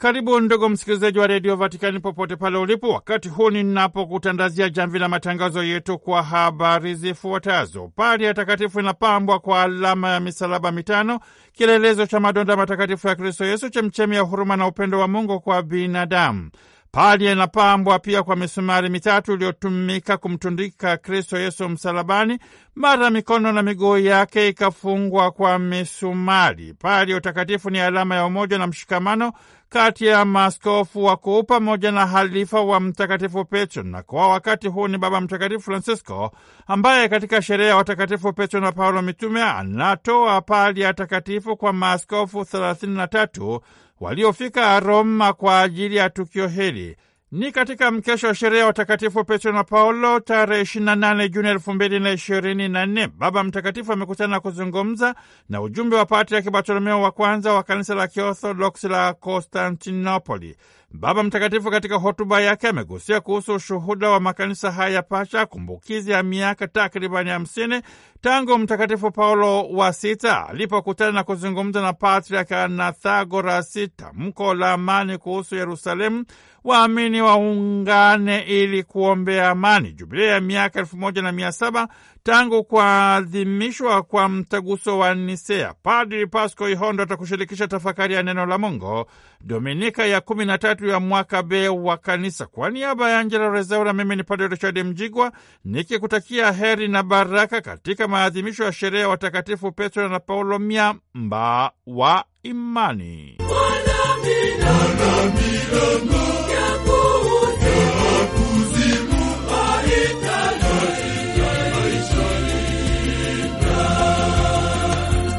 Karibu ndugu msikilizaji wa redio Vatikani popote pale ulipo, wakati huu ninapokutandazia jamvi la matangazo yetu kwa habari zifuatazo. Pali ya takatifu inapambwa kwa alama ya misalaba mitano, kielelezo cha madonda matakatifu ya Kristo Yesu, chemchemi ya huruma na upendo wa Mungu kwa binadamu. Pari inapambwa pia kwa misumari mitatu iliyotumika kumtundika Kristo Yesu msalabani, mara mikono na miguu yake ikafungwa kwa misumari. Pali ya utakatifu ni alama ya umoja na mshikamano kati ya maaskofu wakuu pamoja na halifa wa Mtakatifu Petro, na kwa wakati huu ni Baba Mtakatifu Francisco ambaye katika sherehe ya watakatifu Petro na Paulo mitume anatoa pali ya takatifu kwa maaskofu 33 waliofika Roma kwa ajili ya tukio hili. Ni katika mkesha wa sherehe ya watakatifu Petro na Paulo tarehe 28 Juni 2024, Baba Mtakatifu amekutana na kuzungumza na ujumbe wa Patriaki Bartolomeo wa kwanza wa kanisa la Kiorthodoksi la Konstantinopoli. Baba Mtakatifu katika hotuba yake amegusia kuhusu ushuhuda wa makanisa haya pacha, kumbukizi ya miaka takribani hamsini tangu Mtakatifu Paulo wa Sita alipokutana na kuzungumza na Patriarka Anathagorasi. Tamko la amani kuhusu Yerusalemu, waamini waungane ili kuombea amani. Jubilia ya miaka elfu moja na mia saba tangu kuadhimishwa kwa mtaguso wa Nisea, Padri pasco Ihondo atakushirikisha tafakari ya neno la Mungu Dominika ya kumi na tatu ya mwaka B wa Kanisa. Kwa niaba ya Angela Rezaura, mimi ni Padri Richard Mjigwa nikikutakia heri na baraka katika maadhimisho ya sherehe ya watakatifu Petro na Paulo, miamba wa imani.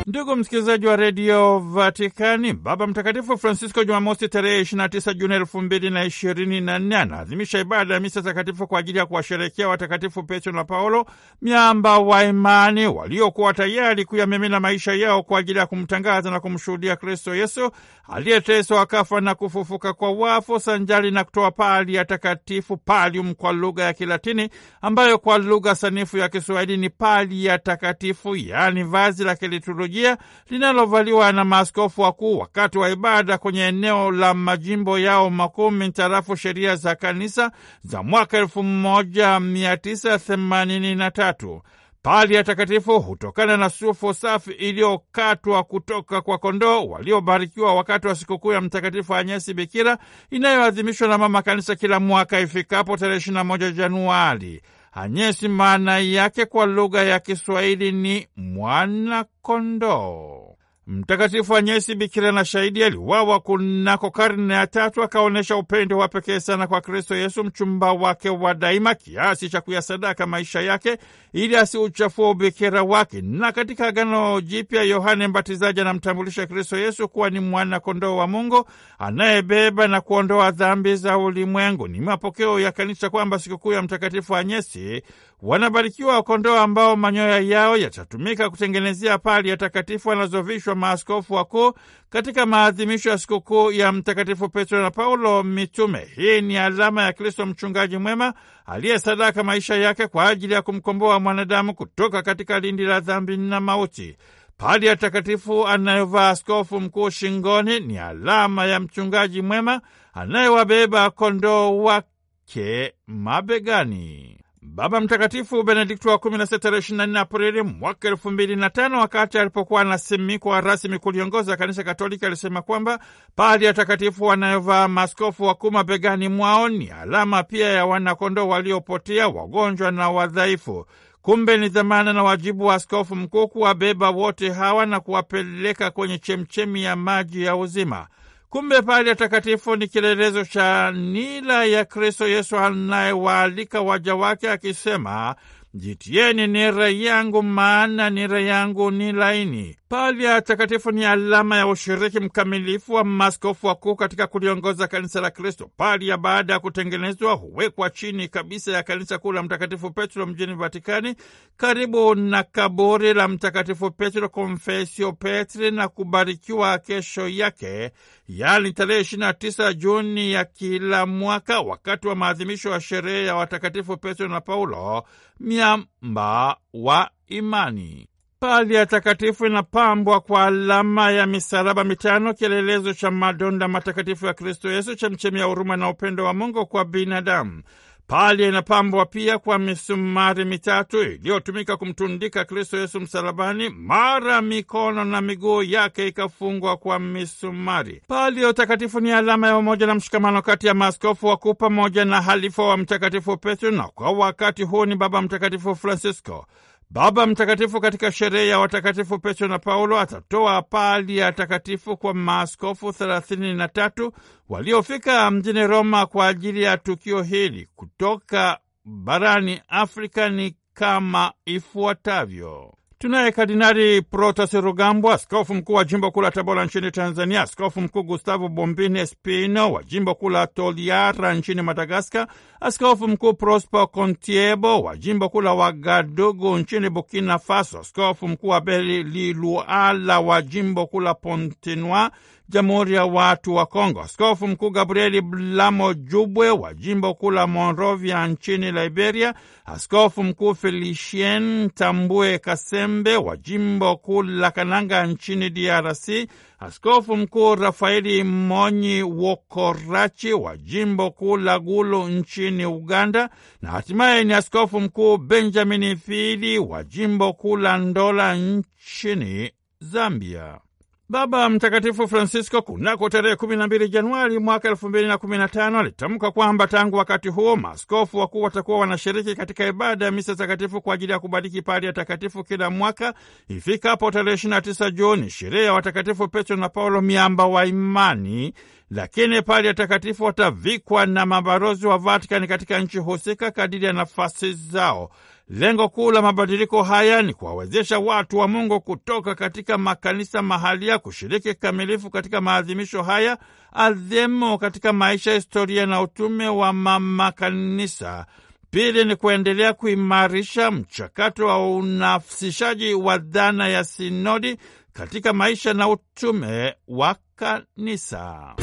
Ndugu msikilizaji wa redio Vatikani, Baba Mtakatifu Francisco Jumamosi tarehe 29 Juni elfu na anaadhimisha ibada ya misa takatifu kwa ajili ya kuwasherekea watakatifu Petro na Paulo, miamba wa imani waliokuwa tayari kuyamimina maisha yao kwa ajili ya kumtangaza na kumshuhudia Kristo Yesu aliyeteswa akafa na kufufuka kwa wafu, sanjari na kutoa pali ya takatifu Palium kwa lugha ya Kilatini, ambayo kwa lugha sanifu ya Kiswahili ni pali ya takatifu, yaani vazi la kiliturujia liturujia linalovaliwa na maaskofu wakuu wakati wa ibada kwenye eneo la majimbo yao makuu mintarafu sheria za kanisa za mwaka 1983. Pali ya takatifu hutokana na sufu safi iliyokatwa kutoka kwa kondoo waliobarikiwa wakati wa sikukuu ya Mtakatifu Anyesi Bikira inayoadhimishwa na Mama Kanisa kila mwaka ifikapo tarehe 21 Januari. Anyesi maana yake kwa lugha ya Kiswahili ni mwana kondoo. Mtakatifu Anyesi bikira na shahidi aliwawa kunako karne ya tatu, akaonyesha upendo wa pekee sana kwa Kristo Yesu mchumba wake wa daima, kiasi cha kuyasadaka maisha yake ili asiuchafua ubikira wake. Na katika Agano Jipya, Yohane Mbatizaji anamtambulisha Kristo Yesu kuwa ni mwana kondoo wa Mungu anayebeba na kuondoa dhambi za ulimwengu. Ni mapokeo ya Kanisa kwamba sikukuu ya Mtakatifu Anyesi Wanabarikiwa kondoo ambao manyoya yao yatatumika kutengenezea pali ya takatifu wanazovishwa maaskofu wakuu katika maadhimisho ya sikukuu ya Mtakatifu Petro na Paulo mitume. Hii ni alama ya Kristo mchungaji mwema sadaka maisha yake kwa ajili ya kumkomboa mwanadamu kutoka katika lindi la dhambi na mauti. Pali ya takatifu anayovaa askofu mkuu shingoni ni alama ya mchungaji mwema anayewabeba kondoo wake mabegani. Baba Mtakatifu Benedikto wa 16 tarehe 24 Aprili mwaka tano wakati alipokuwa anasimikwa rasmi kuliongoza kanisa Katoliki alisema kwamba pahali takatifu wanayovaa maskofu wakuu begani mwao ni alama pia ya wanakondoo waliopotea, wagonjwa na wadhaifu. Kumbe ni dhamana na wajibu wa askofu mkuu kuwabeba wote hawa na kuwapeleka kwenye chemchemi ya maji ya uzima. Kumbe pale takatifu ni kielelezo cha nila ya Kristo Yesu anayewaalika waja wake akisema Jitieni nira yangu, maana nira yangu ni laini. ya takatifu ni alama ya ushiriki mkamilifu wa maskofu wakuu katika kuliongoza kanisa la Kristo. ya baada ya kutengenezwa huwekwa chini kabisa ya kanisa kuu la Mtakatifu Petro mjini Vatikani, karibu na kaburi la Mtakatifu Petro Confessio Petri, na kubarikiwa kesho yake, yaani tarehe 29 Juni ya kila mwaka, wakati wa maadhimisho ya sherehe ya watakatifu Petro na Paulo miamba wa imani. Pali ya takatifu inapambwa kwa alama ya misalaba mitano, kielelezo cha madonda matakatifu ya Kristo Yesu, chemchemi ya huruma na upendo wa Mungu kwa binadamu. Pali inapambwa pia kwa misumari mitatu iliyotumika kumtundika Kristo Yesu msalabani, mara mikono na miguu yake ikafungwa kwa misumari. Pali ya utakatifu ni alama ya umoja na mshikamano kati ya maaskofu wakuu pamoja na halifa wa Mtakatifu Petro, na kwa wakati huu ni Baba Mtakatifu Francisco. Baba Mtakatifu katika sherehe ya watakatifu Petro na Paulo atatoa pali ya takatifu kwa maaskofu thelathini na tatu waliofika mjini Roma kwa ajili ya tukio hili. Kutoka barani Afrika ni kama ifuatavyo: Tunaye Kardinali Protas Rugambwa, askofu mkuu wa jimbo kuu la Tabora nchini Tanzania, askofu mkuu Gustavo Bombini Spino wa jimbo kuu la Toliara nchini Madagaskar, askofu mkuu Prosper contiebo wa jimbo kuu la Wagadugu nchini Burkina Faso, askofu mkuu Abeli Liluala wa jimbo kuu la Pontenoa Jamhuri ya Watu wa Kongo. Askofu Mkuu Gabrieli Blamo Jubwe wa jimbo kuu la Monrovia nchini Liberia, Askofu Mkuu Felicien Tambue Kasembe wa jimbo kuu la Kananga nchini DRC, Askofu Mkuu Rafaeli Monyi Wokorachi wa jimbo kuu la Gulu nchini Uganda, na hatimaye ni Askofu Mkuu Benjamin Fili wa jimbo kuu la Ndola nchini Zambia. Baba Mtakatifu Francisco kunako tarehe 12 Januari mwaka 2015 alitamka kwamba tangu wakati huo maaskofu wakuu watakuwa wanashiriki katika ibada ya misa takatifu kwa ajili ya kubariki pari ya takatifu kila mwaka ifikapo tarehe 29 Juni, sherehe ya watakatifu Petro na Paulo, miamba wa imani. Lakini pali ya takatifu watavikwa na mabalozi wa Vatikani katika nchi husika kadiri ya nafasi zao. Lengo kuu la mabadiliko haya ni kuwawezesha watu wa Mungu kutoka katika makanisa mahalia kushiriki kikamilifu katika maadhimisho haya adhimu katika maisha, historia na utume wa mama kanisa. Pili ni kuendelea kuimarisha mchakato wa unafsishaji wa dhana ya sinodi katika maisha na utume wa kanisa.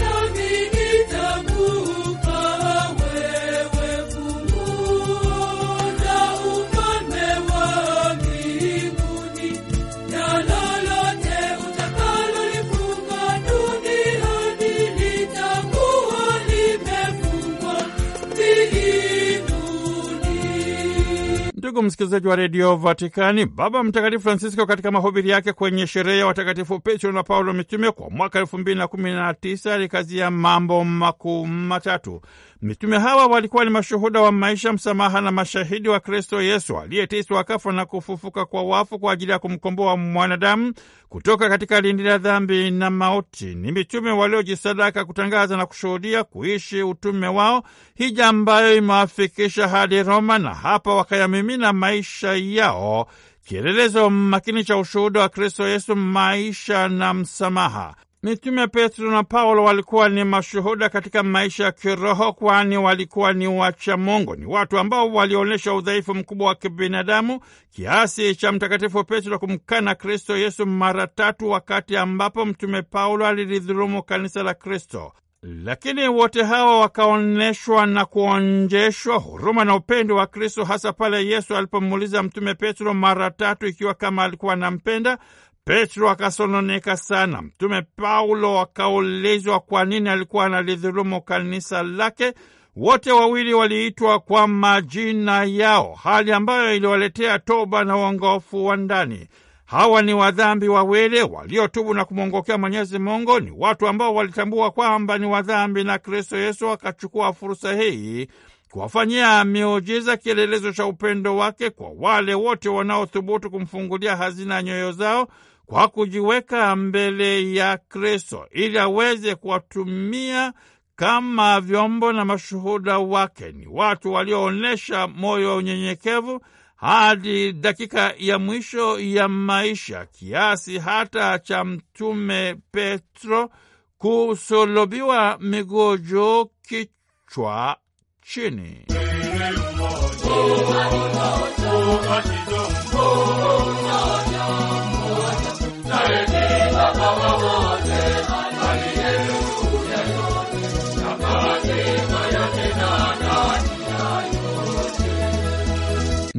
Ndugu msikilizaji wa redio Vatikani, Baba Mtakatifu Francisco katika mahubiri yake kwenye sherehe ya watakatifu Petro na Paulo mitume kwa mwaka elfu mbili na kumi na tisa alikazia mambo makuu matatu. Mitume hawa walikuwa ni mashuhuda wa maisha, msamaha na mashahidi wa Kristo Yesu aliyeteswa, akafa na kufufuka kwa wafu kwa ajili ya kumkomboa mwanadamu kutoka katika lindi la dhambi na mauti. Ni mitume waliojisadaka kutangaza na kushuhudia kuishi utume wao, hija ambayo imewafikisha hadi Roma, na hapa wakayamimina maisha yao, kielelezo makini cha ushuhuda wa Kristo Yesu, maisha na msamaha. Mitume Petro na Paulo walikuwa ni mashuhuda katika maisha ya kiroho, kwani walikuwa ni wacha Mungu. Ni watu ambao walionyesha udhaifu mkubwa wa kibinadamu kiasi cha Mtakatifu Petro kumkana Kristo Yesu mara tatu, wakati ambapo Mtume Paulo alilidhulumu kanisa la Kristo. Lakini wote hawa wakaonyeshwa na kuonjeshwa huruma na upendo wa Kristo, hasa pale Yesu alipomuuliza Mtume Petro mara tatu ikiwa kama alikuwa anampenda Petro akasononeka sana. Mtume Paulo akaulizwa kwa nini alikuwa analidhulumu kanisa lake. Wote wawili waliitwa kwa majina yao, hali ambayo iliwaletea toba na uongofu wa ndani. Hawa ni wadhambi wawili waliotubu na kumwongokea Mwenyezi Mungu. Ni watu ambao walitambua kwamba ni wadhambi na Kristo Yesu akachukua fursa hii kuwafanyia miujiza, kielelezo cha upendo wake kwa wale wote wanaothubutu kumfungulia hazina nyoyo zao kwa kujiweka mbele ya Kristo ili aweze kuwatumia kama vyombo na mashuhuda wake. Ni watu walioonyesha moyo wa unyenyekevu hadi dakika ya mwisho ya maisha, kiasi hata cha Mtume Petro kusulubiwa miguu juu, kichwa chini.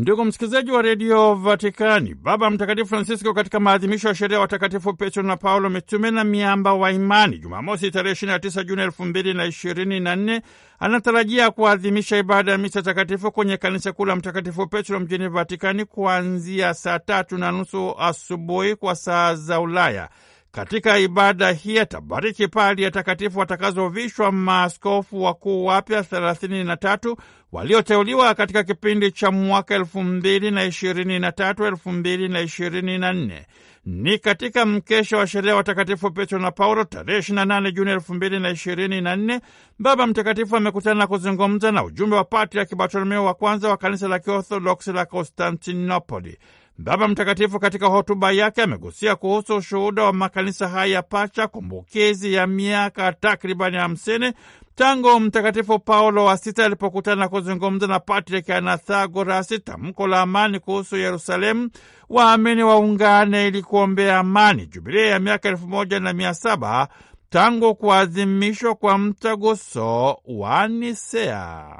Ndugu msikilizaji wa redio Vatikani, Baba Mtakatifu Francisco katika maadhimisho ya sherehe watakatifu Petro na Paulo mitume na miamba wa imani, Jumamosi tarehe 29 Juni 2024 anatarajia kuadhimisha ibada ya misa takatifu kwenye kanisa kuu la Mtakatifu Petro mjini Vatikani kuanzia saa tatu na nusu asubuhi kwa saa za Ulaya. Katika ibada hii atabariki pali ya takatifu watakazovishwa maaskofu wakuu wapya thelathini na tatu walioteuliwa katika kipindi cha mwaka elfu mbili na ishirini na tatu elfu mbili na ishirini na nne Ni katika mkesha wa sherehe watakatifu Petro na Paulo tarehe 28 Juni elfu mbili na ishirini na nne Baba Mtakatifu amekutana na kuzungumza na ujumbe wa Patriaki Bartolomeo wa kwanza wa kanisa la Kiorthodoksi la Konstantinopoli. Baba Mtakatifu katika hotuba yake amegusia kuhusu ushuhuda wa makanisa haya pacha, kumbukizi ya miaka takribani hamsini tangu Mtakatifu Paulo wa Sita alipokutana na kuzungumza na patriki Anathagorasi, tamko la amani kuhusu Yerusalemu, waamini waungane ili kuombea amani. Jubilia ya miaka elfu moja na mia saba tangu kuadhimishwa kwa mtaguso wa Nisea.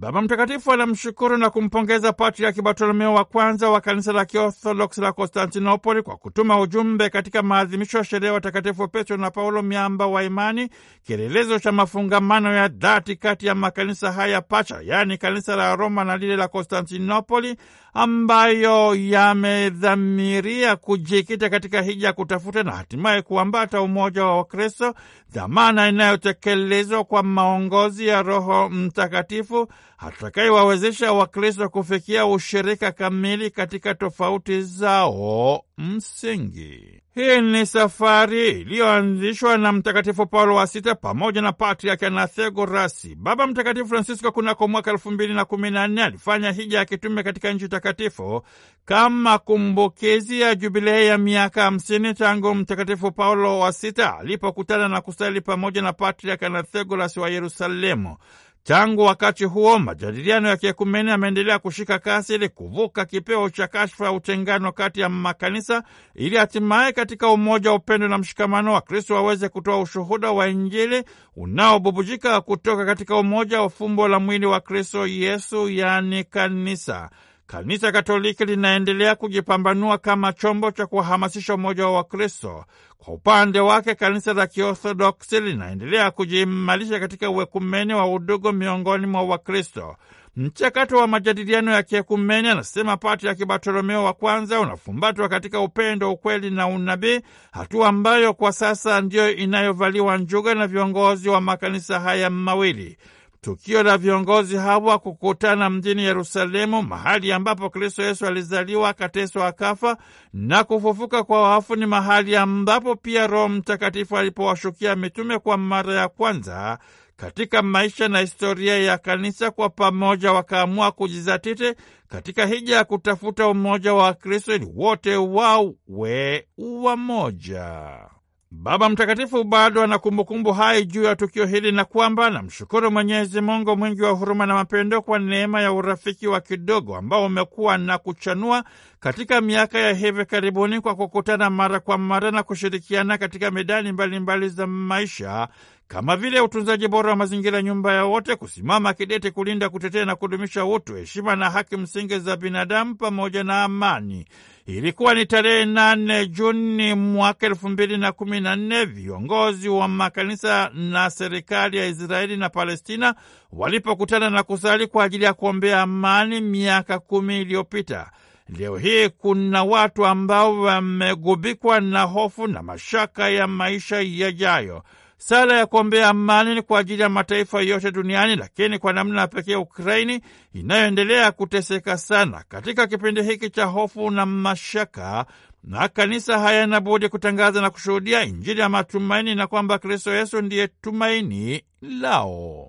Baba Mtakatifu anamshukuru na kumpongeza Patriaki Bartolomeo wa kwanza wa kanisa la Kiorthodoksi la Konstantinopoli kwa kutuma ujumbe katika maadhimisho ya sherehe watakatifu Petro na Paulo, miamba wa imani, kielelezo cha mafungamano ya dhati kati ya makanisa haya pacha, yaani kanisa la Roma na lile la Konstantinopoli, ambayo yamedhamiria kujikita katika hija kutafuta na hatimaye kuambata umoja wa Wakristo, dhamana inayotekelezwa kwa maongozi ya Roho Mtakatifu atakayewawezesha Wakristo kufikia ushirika kamili katika tofauti zao msingi. Hii ni safari iliyoanzishwa na Mtakatifu Paulo wa Sita pamoja na Patriaki Anathegorasi. Baba Mtakatifu Francisco kunako mwaka elfu mbili na kumi na nne alifanya hija ya kitume katika nchi takatifu kama kumbukizi ya jubilei ya miaka hamsini tangu Mtakatifu Paulo wa Sita alipokutana na kusali pamoja na Patriaki Anathegorasi wa Yerusalemu. Tangu wakati huo majadiliano ya kiekumene yameendelea kushika kasi ili kuvuka kipeo cha kashfa ya utengano kati ya makanisa ili hatimaye katika umoja wa upendo na mshikamano wa Kristo waweze kutoa ushuhuda wa Injili unaobubujika kutoka katika umoja wa fumbo la mwili wa Kristo Yesu, yaani kanisa. Kanisa Katoliki linaendelea kujipambanua kama chombo cha kuwahamasisha umoja wa Wakristo. Kwa upande wake, kanisa la Kiorthodoksi linaendelea kujiimarisha katika uekumene wa udugu miongoni mwa Wakristo. Mchakato wa majadiliano ya kiekumene, anasema Pati ya Kibartolomeo wa kwanza, unafumbatwa katika upendo, ukweli na unabii, hatua ambayo kwa sasa ndiyo inayovaliwa njuga na viongozi wa makanisa haya mawili. Tukio la viongozi hawa kukutana mjini Yerusalemu, mahali ambapo Kristo Yesu alizaliwa, akateswa, akafa na kufufuka kwa wafu, ni mahali ambapo pia Roho Mtakatifu alipowashukia mitume kwa mara ya kwanza katika maisha na historia ya kanisa. Kwa pamoja wakaamua kujizatiti katika hija ya kutafuta umoja wa Kristo ili wote wawe wamoja. Baba Mtakatifu bado ana kumbukumbu hai juu ya tukio hili na kwamba namshukuru Mwenyezi Mungu mwingi wa huruma na mapendo kwa neema ya urafiki wa kidogo ambao umekuwa na kuchanua katika miaka ya hivi karibuni kwa kukutana mara kwa mara na kushirikiana katika medani mbalimbali mbali za maisha kama vile utunzaji bora wa mazingira, nyumba ya wote, kusimama kidete kulinda, kutetea na kudumisha utu, heshima na haki msingi za binadamu pamoja na amani. Ilikuwa ni tarehe nane Juni mwaka elfu mbili na kumi na nne viongozi wa makanisa na serikali ya Israeli na Palestina walipokutana na kusali kwa ajili ya kuombea amani miaka kumi iliyopita. Leo hii kuna watu ambao wamegubikwa na hofu na mashaka ya maisha yajayo. Sala ya kuombea amani ni kwa ajili ya mataifa yote duniani, lakini kwa namna ya pekee Ukraini inayoendelea kuteseka sana katika kipindi hiki cha hofu na mashaka, na kanisa hayana budi kutangaza na kushuhudia Injili ya matumaini na kwamba Kristo Yesu ndiye tumaini lao.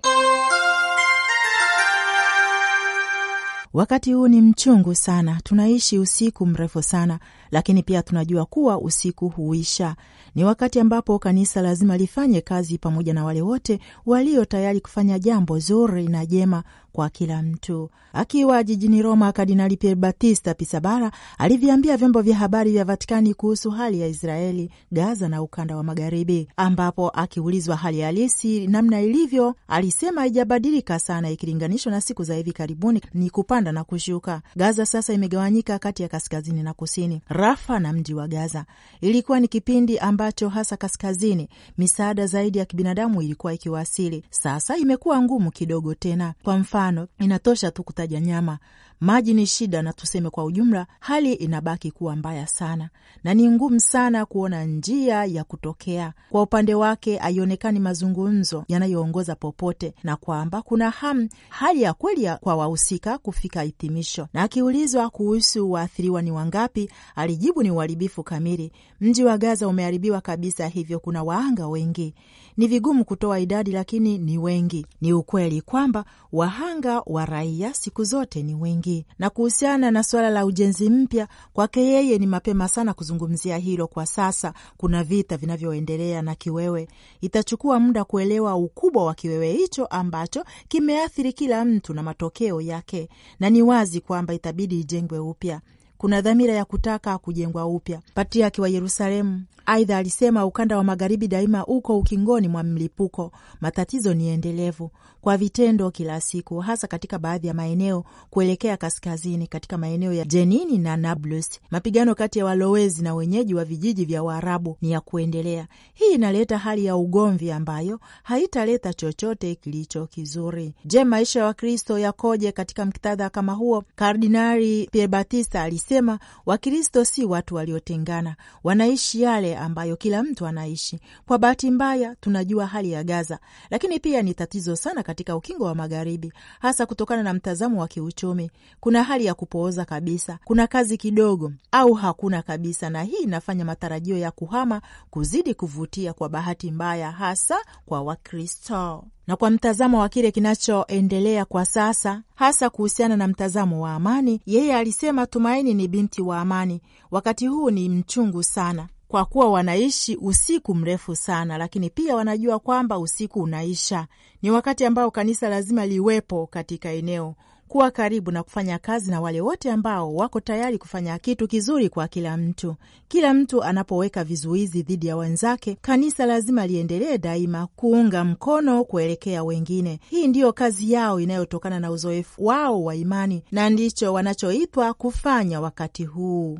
Wakati huu ni mchungu sana, tunaishi usiku mrefu sana, lakini pia tunajua kuwa usiku huisha. Ni wakati ambapo kanisa lazima lifanye kazi pamoja na wale wote walio tayari kufanya jambo zuri na jema kwa kila mtu. Akiwa jijini Roma, Kardinali Pier Battista Pisabara aliviambia vyombo vya habari vya Vatikani kuhusu hali ya Israeli, Gaza na ukanda wa Magharibi, ambapo akiulizwa hali halisi namna ilivyo, alisema haijabadilika sana ikilinganishwa na siku za hivi karibuni, ni kupanda na kushuka. Gaza sasa imegawanyika kati ya kaskazini na kusini, Rafa na mji wa Gaza. Ilikuwa ni kipindi ambacho hasa kaskazini misaada zaidi ya kibinadamu ilikuwa ikiwasili. Sasa imekuwa ngumu kidogo tena, kwa mfano tano inatosha tu kutaja nyama. Maji ni shida, na tuseme kwa ujumla, hali inabaki kuwa mbaya sana na ni ngumu sana kuona njia ya kutokea. Kwa upande wake, haionekani mazungumzo yanayoongoza popote, na kwamba kuna hamu hali ya kweli kwa wahusika kufika hitimisho. Na akiulizwa kuhusu waathiriwa ni wangapi, alijibu ni uharibifu kamili. Mji wa Gaza umeharibiwa kabisa, hivyo kuna wahanga wengi. Ni vigumu kutoa idadi, lakini ni wengi. Ni ukweli kwamba wahanga wa raia siku zote ni wengi mengi. Na kuhusiana na suala la ujenzi mpya, kwake yeye ni mapema sana kuzungumzia hilo kwa sasa. Kuna vita vinavyoendelea na kiwewe, itachukua muda kuelewa ukubwa wa kiwewe hicho ambacho kimeathiri kila mtu na matokeo yake, na ni wazi kwamba itabidi ijengwe upya kuna dhamira ya kutaka kujengwa upya. Patriaki wa Yerusalemu aidha alisema ukanda wa magharibi daima uko ukingoni mwa mlipuko, matatizo ni endelevu kwa vitendo kila siku, hasa katika baadhi ya maeneo kuelekea kaskazini, katika maeneo ya Jenini na Nablus. Mapigano kati ya walowezi na wenyeji wa vijiji vya Waarabu ni ya kuendelea. Hii inaleta hali ya ugomvi ambayo haitaleta chochote kilicho kizuri. Je, maisha ya Wakristo yakoje katika mktadha kama huo? Kardinari Batista alisema Wakristo si watu waliotengana, wanaishi yale ambayo kila mtu anaishi. Kwa bahati mbaya, tunajua hali ya Gaza, lakini pia ni tatizo sana katika ukingo wa Magharibi, hasa kutokana na mtazamo wa kiuchumi. Kuna hali ya kupooza kabisa, kuna kazi kidogo au hakuna kabisa, na hii inafanya matarajio ya kuhama kuzidi kuvutia, kwa bahati mbaya, hasa kwa Wakristo na kwa mtazamo wa kile kinachoendelea kwa sasa, hasa kuhusiana na mtazamo wa amani. Yeye alisema tumaini ni binti wa amani, wakati huu ni mchungu sana kwa kuwa wanaishi usiku mrefu sana, lakini pia wanajua kwamba usiku unaisha. Ni wakati ambao kanisa lazima liwepo katika eneo, kuwa karibu na kufanya kazi na wale wote ambao wako tayari kufanya kitu kizuri kwa kila mtu. Kila mtu anapoweka vizuizi dhidi ya wenzake, kanisa lazima liendelee daima kuunga mkono kuelekea wengine. Hii ndiyo kazi yao inayotokana na uzoefu wao wa imani na ndicho wanachoitwa kufanya wakati huu.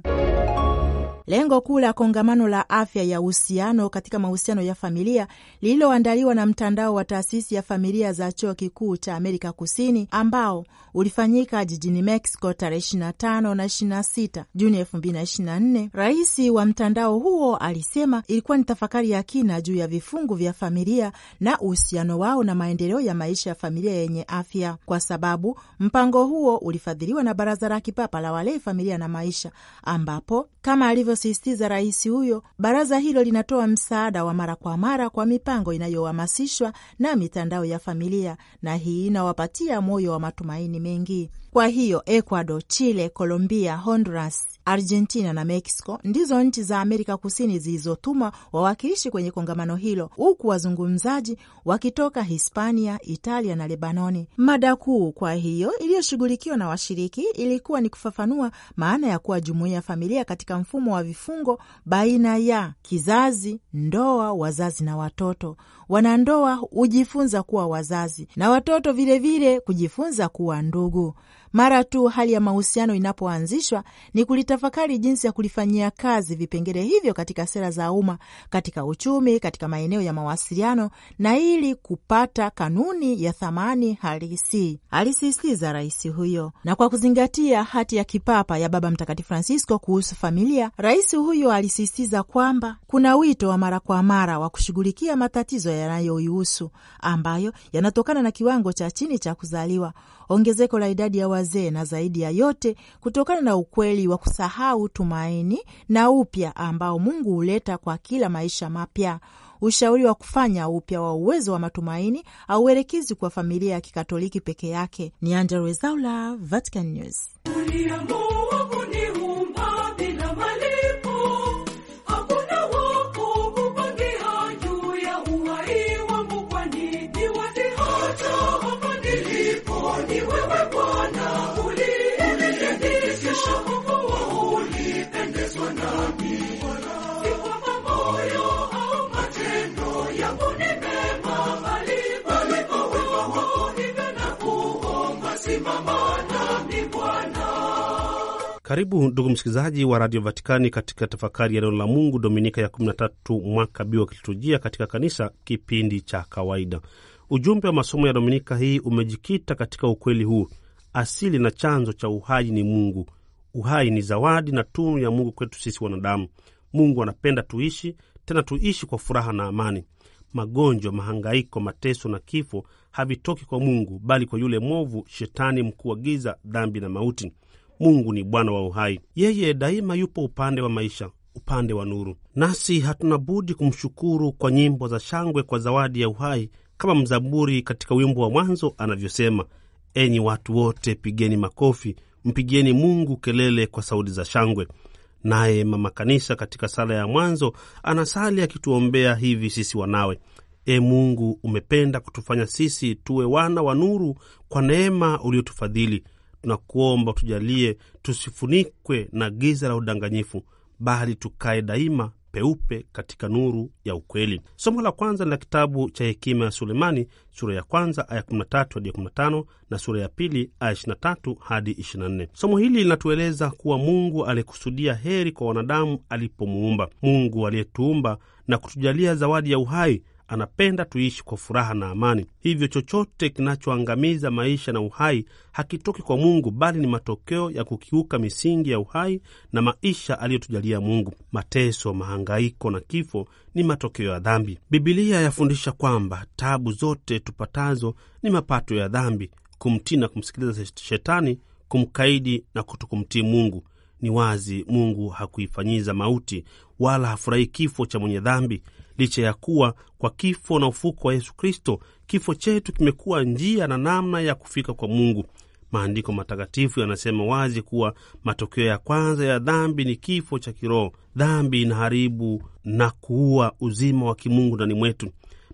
Lengo kuu la kongamano la afya ya uhusiano katika mahusiano ya familia lililoandaliwa na mtandao wa taasisi ya familia za chuo kikuu cha Amerika Kusini ambao ulifanyika jijini Mexico tarehe 25 na 26 Juni 2024. Rais wa mtandao huo alisema ilikuwa ni tafakari ya kina juu ya vifungu vya familia na uhusiano wao na maendeleo ya maisha ya familia yenye afya, kwa sababu mpango huo ulifadhiliwa na Baraza la Kipapa la Walei, Familia na Maisha, ambapo kama alivyo alivyosisitiza rais huyo, baraza hilo linatoa msaada wa mara kwa mara kwa mipango inayohamasishwa na mitandao ya familia, na hii inawapatia moyo wa matumaini mengi. Kwa hiyo Ecuador, Chile, Colombia, Honduras, Argentina na Mexico ndizo nchi za Amerika Kusini zilizotuma wawakilishi kwenye kongamano hilo, huku wazungumzaji wakitoka Hispania, Italia na Lebanoni. Mada kuu kwa hiyo iliyoshughulikiwa na washiriki ilikuwa ni kufafanua maana ya kuwa jumuiya ya familia katika mfumo wa vifungo baina ya kizazi, ndoa, wazazi na watoto. Wanandoa hujifunza kuwa wazazi na watoto vilevile kujifunza kuwa ndugu. Mara tu hali ya mahusiano inapoanzishwa, ni kulitafakari jinsi ya kulifanyia kazi vipengele hivyo katika sera za umma, katika uchumi, katika maeneo ya mawasiliano, na ili kupata kanuni ya thamani halisi, alisisitiza rais huyo. Na kwa kuzingatia hati ya kipapa ya Baba Mtakatifu Francisco kuhusu familia, rais huyo alisisitiza kwamba kuna wito wa mara kwa mara wa kushughulikia matatizo yanayoihusu ambayo yanatokana na kiwango cha chini cha kuzaliwa ongezeko la idadi ya wazee na zaidi ya yote kutokana na ukweli wa kusahau tumaini na upya ambao Mungu huleta kwa kila maisha mapya. Ushauri wa kufanya upya wa uwezo wa matumaini hauelekezi kwa familia ya Kikatoliki peke yake. Ni Andrea Rwezaula, Vatican News. Karibu ndugu msikilizaji wa Radio Vatikani katika tafakari ya neno la Mungu, dominika ya 13 mwaka B wa kiliturujia katika kanisa, kipindi cha kawaida. Ujumbe wa masomo ya dominika hii umejikita katika ukweli huu: asili na chanzo cha uhai ni Mungu. Uhai ni zawadi na tunu ya Mungu kwetu sisi wanadamu. Mungu anapenda tuishi, tena tuishi kwa furaha na amani. Magonjwa, mahangaiko, mateso na kifo havitoki kwa Mungu, bali kwa yule mwovu, shetani mkuu wa giza, dhambi na mauti. Mungu ni Bwana wa uhai, yeye daima yupo upande wa maisha, upande wa nuru, nasi hatuna budi kumshukuru kwa nyimbo za shangwe kwa zawadi ya uhai, kama mzaburi katika wimbo wa mwanzo anavyosema: enyi watu wote, pigeni makofi, mpigieni Mungu kelele kwa sauti za shangwe. Naye mama kanisa katika sala ya mwanzo anasali akituombea hivi sisi wanawe: E Mungu, umependa kutufanya sisi tuwe wana wa nuru kwa neema uliotufadhili na kuomba utujalie tusifunikwe na giza la udanganyifu, bali tukae daima peupe katika nuru ya ukweli. Somo la kwanza ni la kitabu cha Hekima ya Sulemani, sura ya kwanza aya 13 hadi 15 na sura ya pili aya 23 hadi 24. Somo hili linatueleza kuwa Mungu alikusudia heri kwa wanadamu alipomuumba. Mungu aliyetuumba na kutujalia zawadi ya uhai anapenda tuishi kwa furaha na amani. Hivyo chochote kinachoangamiza maisha na uhai hakitoki kwa Mungu, bali ni matokeo ya kukiuka misingi ya uhai na maisha aliyotujalia Mungu. Mateso, mahangaiko na kifo ni matokeo ya dhambi. Bibilia yafundisha kwamba tabu zote tupatazo ni mapato ya dhambi, kumtii na kumsikiliza Shetani, kumkaidi na kutokumtii Mungu. Ni wazi Mungu hakuifanyiza mauti wala hafurahi kifo cha mwenye dhambi, licha ya kuwa kwa kifo na ufuko wa Yesu Kristo kifo chetu kimekuwa njia na namna ya kufika kwa Mungu. Maandiko matakatifu yanasema wazi kuwa matokeo ya kwanza ya dhambi ni kifo cha kiroho. Dhambi inaharibu na kuua uzima wa kimungu ndani mwetu.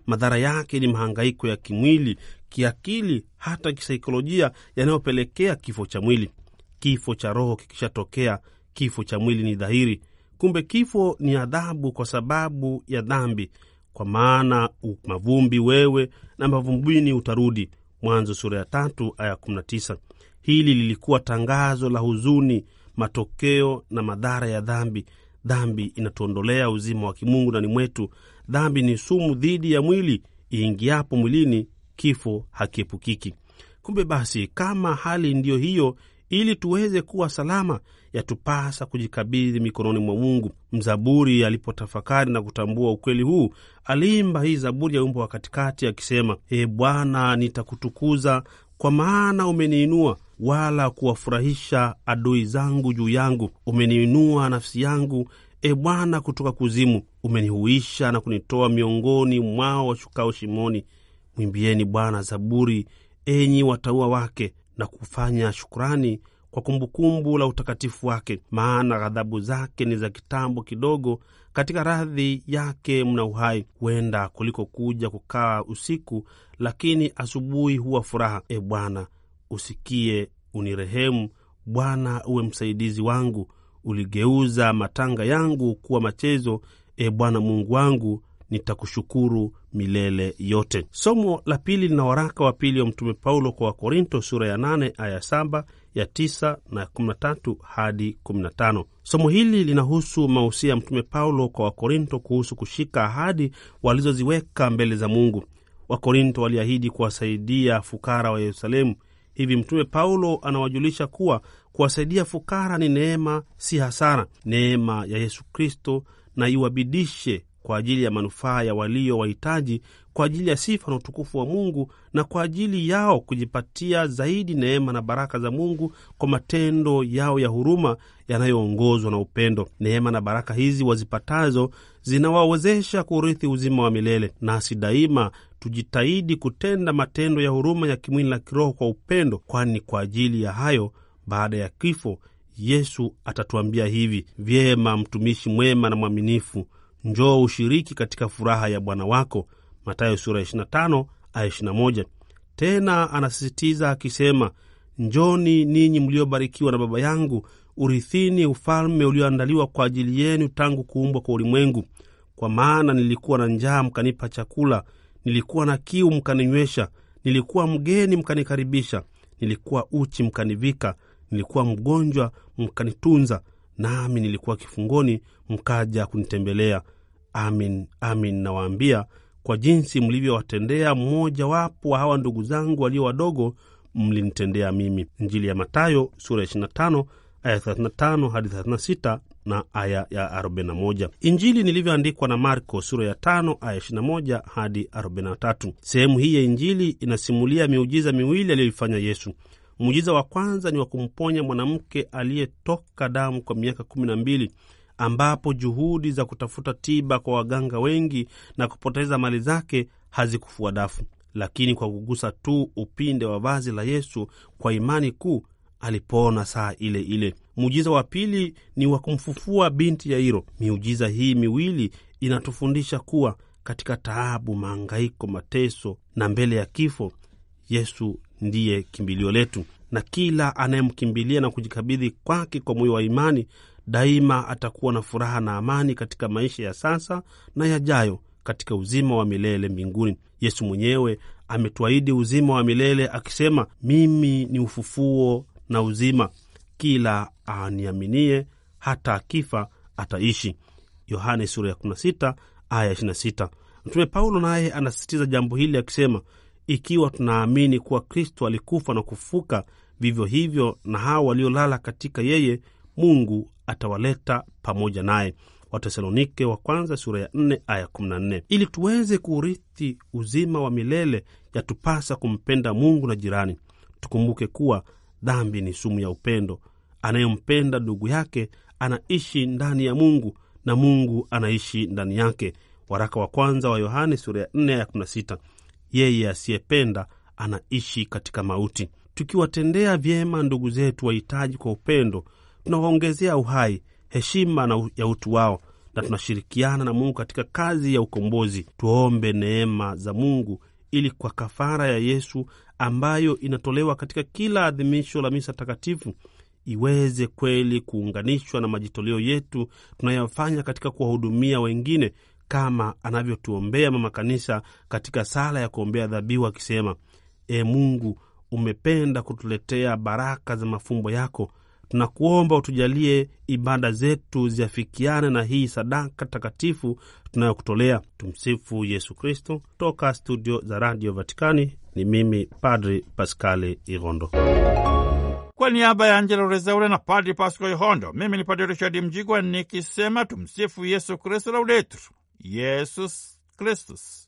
Madhara yake ni mahangaiko ya kimwili, kiakili, hata kisaikolojia yanayopelekea kifo cha mwili. Kifo cha roho kikishatokea, kifo cha mwili ni dhahiri. Kumbe kifo ni adhabu kwa sababu ya dhambi, kwa maana mavumbi wewe na mavumbini utarudi. Mwanzo sura ya tatu aya tisa. Hili lilikuwa tangazo la huzuni, matokeo na madhara ya dhambi. Dhambi inatuondolea uzima wa kimungu ndani mwetu. Dhambi ni sumu dhidi ya mwili, iingiapo mwilini, kifo hakiepukiki. Kumbe basi, kama hali ndiyo hiyo ili tuweze kuwa salama, yatupasa kujikabidhi mikononi mwa Mungu. Mzaburi alipotafakari na kutambua ukweli huu, aliimba hii Zaburi ya wimbo wa katikati akisema: E Bwana, nitakutukuza kwa maana umeniinua wala kuwafurahisha adui zangu juu yangu. Umeniinua nafsi yangu, e Bwana, kutoka kuzimu. Umenihuisha na kunitoa miongoni mwao washukao shimoni. Mwimbieni Bwana zaburi, enyi wataua wake, na kufanya shukrani kwa kumbukumbu la utakatifu wake, maana ghadhabu zake ni za kitambo kidogo, katika radhi yake mna uhai. Huenda kuliko kuja kukaa usiku, lakini asubuhi huwa furaha. E Bwana, usikie unirehemu. Bwana uwe msaidizi wangu, uligeuza matanga yangu kuwa machezo. E Bwana Mungu wangu, nitakushukuru milele yote. Somo la pili lina waraka wa pili wa Mtume Paulo kwa Wakorinto sura ya 8 aya 7 ya 9 na 13 hadi 15. Somo hili linahusu mausia ya Mtume Paulo kwa Wakorinto kuhusu kushika ahadi walizoziweka mbele za Mungu. Wakorinto waliahidi kuwasaidia fukara wa Yerusalemu. Hivi Mtume Paulo anawajulisha kuwa kuwasaidia fukara ni neema, si hasara. Neema ya Yesu Kristo na iwabidishe kwa ajili ya manufaa ya walio wahitaji, kwa ajili ya sifa na utukufu wa Mungu na kwa ajili yao kujipatia zaidi neema na baraka za Mungu kwa matendo yao ya huruma yanayoongozwa na upendo. Neema na baraka hizi wazipatazo zinawawezesha kurithi uzima wa milele, nasi daima tujitahidi kutenda matendo ya huruma ya kimwili na kiroho kwa upendo, kwani kwa ajili ya hayo baada ya kifo Yesu atatuambia hivi: vyema mtumishi mwema na mwaminifu njoo ushiriki katika furaha ya Bwana wako, Mathayo sura 25 aya 21. Tena anasisitiza akisema, njoni ninyi mliobarikiwa na Baba yangu, urithini ufalme ulioandaliwa kwa ajili yenu tangu kuumbwa kwa ulimwengu. Kwa maana nilikuwa na njaa, mkanipa chakula; nilikuwa na kiu, mkaninywesha; nilikuwa mgeni, mkanikaribisha; nilikuwa uchi, mkanivika; nilikuwa mgonjwa, mkanitunza; nami nilikuwa kifungoni, mkaja kunitembelea. Amin, amin nawaambia, kwa jinsi mlivyowatendea mmojawapo wa hawa ndugu zangu walio wadogo, mlinitendea mimi. njili ya matayo sura ya 25 aya 35 hadi 36 na aya ya 41. Injili nilivyoandikwa na Marko sura ya 5 aya 21 hadi 43. Sehemu hii ya Injili inasimulia miujiza miwili aliyoifanya Yesu. Muujiza wa kwanza ni wa kumponya mwanamke aliyetoka damu kwa miaka 12 ambapo juhudi za kutafuta tiba kwa waganga wengi na kupoteza mali zake hazikufua dafu, lakini kwa kugusa tu upinde wa vazi la Yesu kwa imani kuu alipona saa ile ile. Muujiza wa pili ni wa kumfufua binti Yairo. Miujiza hii miwili inatufundisha kuwa katika taabu, maangaiko, mateso na mbele ya kifo, Yesu ndiye kimbilio letu, na kila anayemkimbilia na kujikabidhi kwake kwa moyo wa imani daima atakuwa na furaha na amani katika maisha ya sasa na yajayo katika uzima wa milele mbinguni. Yesu mwenyewe ametuahidi uzima wa milele akisema, mimi ni ufufuo na uzima, kila aniaminie hata akifa ataishi. Yohane sura ya 16 aya 26. Mtume Paulo naye anasisitiza jambo hili akisema, ikiwa tunaamini kuwa Kristo alikufa na kufuka vivyo hivyo na hao waliolala katika yeye Mungu atawaleta pamoja naye Watesalonike wa kwanza sura ya 4 aya 14. Ili tuweze kuurithi uzima wa milele yatupasa kumpenda Mungu na jirani. Tukumbuke kuwa dhambi ni sumu ya upendo. Anayempenda ndugu yake anaishi ndani ya Mungu na Mungu anaishi ndani yake. Waraka wa kwanza wa Yohane sura ya 4 aya 16. Yeye asiyependa anaishi katika mauti. Tukiwatendea vyema ndugu zetu wahitaji kwa upendo, tunawaongezea uhai, heshima na ya utu wao, na tunashirikiana na Mungu katika kazi ya ukombozi. Tuombe neema za Mungu ili kwa kafara ya Yesu ambayo inatolewa katika kila adhimisho la misa takatifu iweze kweli kuunganishwa na majitoleo yetu tunayofanya katika kuwahudumia wengine, kama anavyotuombea Mama Kanisa katika sala ya kuombea dhabihu akisema: E Mungu, umependa kutuletea baraka za mafumbo yako Tunakuomba utujalie ibada zetu ziafikiane na hii sadaka takatifu tunayokutolea. Tumsifu Yesu Kristo. Toka studio za Radio Vatikani ni mimi Padri Paskali Irondo kwa niaba ya Angela Rezaule na Padri Pasco Ihondo, mimi ni Padri Richard Mjigwa nikisema tumsifu Yesu Kristu, laudetur Yesus Kristus.